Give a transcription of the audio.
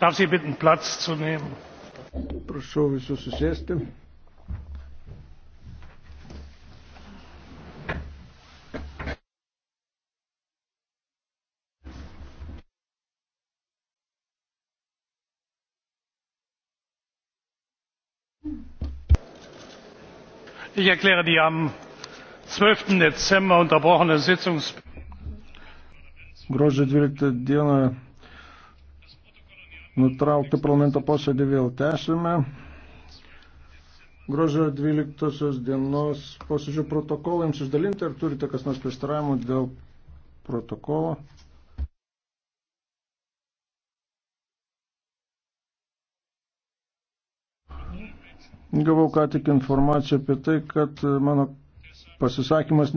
darf Sie bitten, Platz zu nehmen. Prašau visus susėsti. Ich erkläre die am 12. Dezember unterbrochene Sitzungs. Gruodžio 12 dieną nutraukti parlamento posėdį vėl tęsime. Gruodžio 12 dienos posėdžio protokolą jums išdalinti, ar turite kas nors prieštaravimų dėl protokolo? Gavau ką tik informaciją apie tai, kad mano pasisakymas